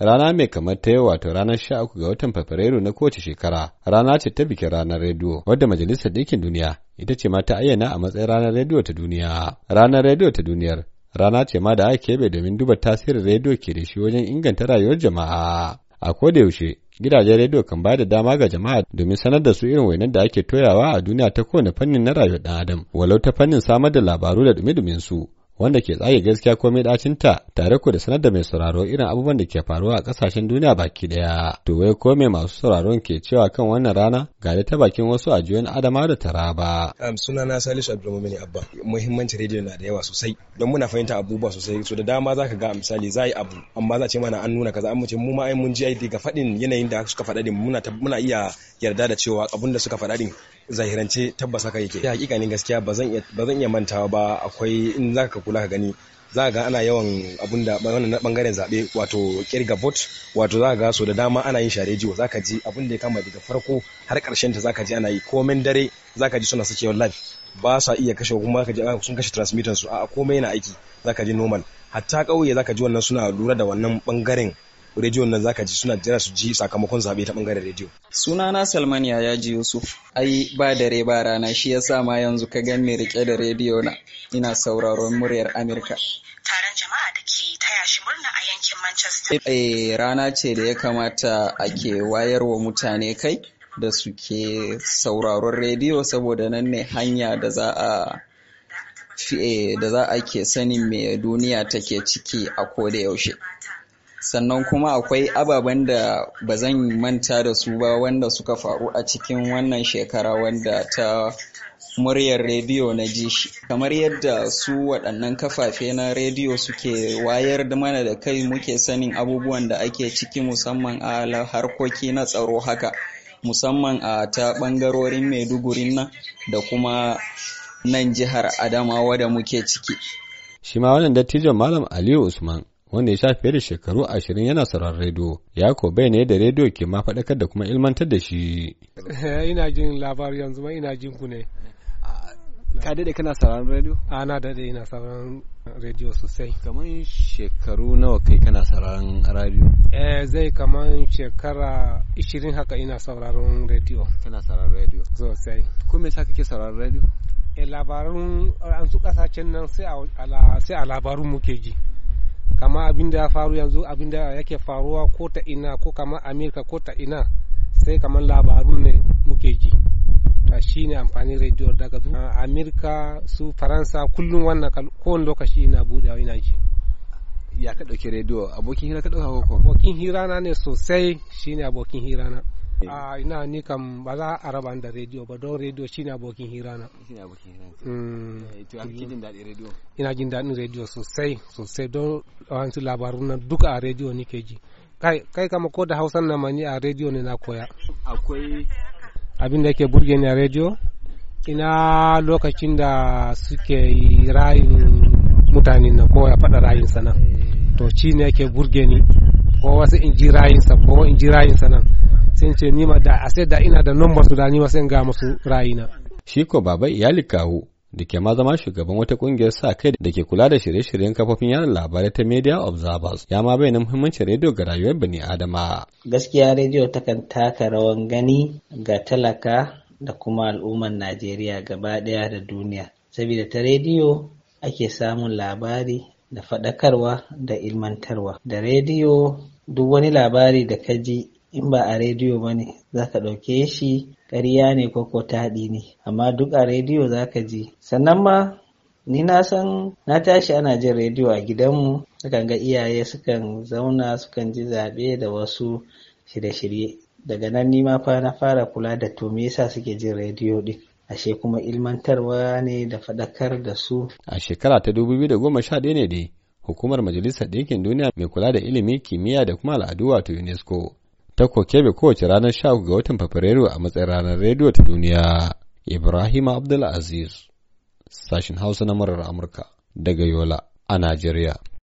rana mai kamar ta yau wato ranar sha uku ga watan fabrairu na kowace shekara rana ce ta bikin ranar rediyo wadda majalisar Dinkin duniya ita ce ma ta ayyana a matsayin ranar rediyo ta duniya ranar rediyo ta duniyar rana ce ma da aka keɓe domin duba tasirin rediyo ke da shi wajen inganta rayuwar jama'a a koda yaushe gidajen rediyo kan bada dama ga jama'a domin sanar da su irin wainar da ake toyawa a duniya ta kowane fannin na rayuwar ɗan adam walau ta fannin samar da labaru da dumi-dumin wanda ke tsage gaskiya ko mai dacinta tare ku da sanar da mai sauraro irin abubuwan da ke faruwa a kasashen duniya baki daya to wai ko mai masu sauraron ke cewa kan wannan rana ga ta bakin wasu a juyan adama da taraba Suna na salisu abdulmumin abba muhimmanci rediyo na da yawa sosai don muna fahimta abubuwa sosai so da dama zaka ga misali za yi abu amma za ce mana an nuna kaza an mace mu ma ai mun ji ai ga faɗin yanayin da suka faɗa din muna muna iya yarda da cewa abun da suka faɗa din zahirance tabbas haka yake ya hakikanin gaskiya ba zan iya mantawa ba akwai in za ka kula ka gani za ga ana yawan abun da na bangaren zaɓe wato kirga vote wato za ga so da dama ana yin share jiwo ka ji abun da ya kama daga farko har karshen ta za ka ji ana yi komen dare za ka ji suna yawan live ba sa iya kashe kuma ka ji ah, sun kashe transmitter su a komai yana aiki za ka ji normal hatta kauye ka ji wannan suna lura da wannan bangaren rediyon nan zaka ji suna jira su ji sakamakon zaɓe ta bangaren rediyo suna na Salman ya ji Yusuf ai ba dare ba rana shi ya sa ma yanzu ka gan ni rike da rediyo na ina sauraron muryar Amurka taron jama'a da ke taya shi murna a yankin Manchester eh rana ce da ya kamata a ake wayarwa mutane kai da suke sauraron rediyo saboda nan ne hanya da za a eh, da za a ke sanin me duniya take ciki a ko da yaushe sannan kuma akwai ababen da ba zan manta da su ba wanda suka faru a cikin wannan shekara wanda ta muryar rediyo na ji shi kamar yadda su waɗannan kafafe na rediyo suke wayar da mana da kai muke sanin abubuwan da ake ciki musamman a harkoki na tsaro haka musamman a ta ɓangarorin maiduguri nan da kuma nan jihar adamawa da muke ciki shi ma wannan dattijon malam aliyu usman wanda ya sha fiye da shekaru ashirin yana sauraron rediyo ya ko bai ne da rediyo ke ma faɗakar da kuma ilmantar da shi. Eh, ina jin labari yanzu ma ina jin ku ne. Ah, ka daɗe kana sauraron rediyo? a ah, na daɗe ina sauraron rediyo sosai. kamar shekaru nawa kai kana sauraron rediyo? eh zai kamar shekara ishirin haka ina sauraron rediyo. kana sauraron rediyo? sosai. ko me yasa kake sauraron rediyo? Eh, labarun an su kasashen nan sai a labarun muke ji kama abin da ya faru yanzu abin da yake faruwa ko ta ina ko kama amerika ko ta ina sai kamar labarun ne muke ji ta shi ne amfani rediyo daga amerika su faransa kullum wannan kowane lokaci ina budawa ina ji ya ka ɗauki rediyo abokin hira ka ɗauka ko abokin hira na ne sosai shine abokin hira na Eh. a ah, ina ni kam ba za a raba da rediyo ba don rediyo ne abokin hira na mm. eh, ina jin daɗin rediyo sosai sosai don wasu labarun nan duka a rediyo ke ji kai kai kama ko da hausan na mani a rediyo ne na koya akwai abin da ke burge ni a rediyo ina lokacin da suke yi rayin mutanen na kowa ya faɗa rayinsa nan eh. to shi ne ke burge ni ko wasu in ji sa ko in ji rayinsa nan sai ce ni ma da a sai da ina da number su da ni ma sai ga musu rayina shi ko baba iyali kawo da ke ma zama shugaban wata kungiyar sa kai da ke kula da shirye-shiryen kafofin yaran labarai ta media observers ya ma bayyana muhimmancin rediyo ga rayuwar bani adama gaskiya rediyo takan taka rawan gani ga talaka da kuma al'ummar najeriya gaba ɗaya da duniya saboda ta rediyo ake samun labari da faɗakarwa da ilmantarwa da rediyo duk wani labari da ka ji in ba a rediyo ba ne za ka ɗauke shi ƙarya ne ko ko taɗi ne amma duk a rediyo za ka ji sannan ma ni na san na tashi ana jin rediyo a gidanmu sukan ga iyaye sukan zauna sukan ji zaɓe da wasu shirye-shirye daga nan ni ma fa na fara kula da to me yasa suke jin rediyo din ashe kuma ilmantarwa ne da faɗakar da su a shekara ta 2011 ne dai hukumar majalisar ɗinkin duniya mai kula da ilimi kimiyya da kuma al'adu wato unesco ta kokebe kowace ranar 13 ga watan Fabrairu a matsayin ranar rediyo ta duniya. Ibrahim Abdulaziz, sashin Hausa na murar Amurka daga Yola a Najeriya.